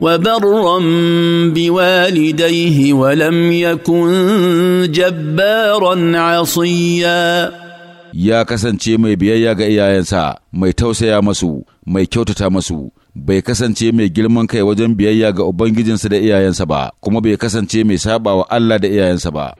وبرا بوالديه ولم يكن جبارا عصيا ya kasance mai biyayya ga iyayensa mai tausaya masu mai kyautata masu bai kasance mai girman kai wajen biyayya ga ubangijinsa da iyayensa ba kuma bai kasance mai saba Allah da iyayensa ba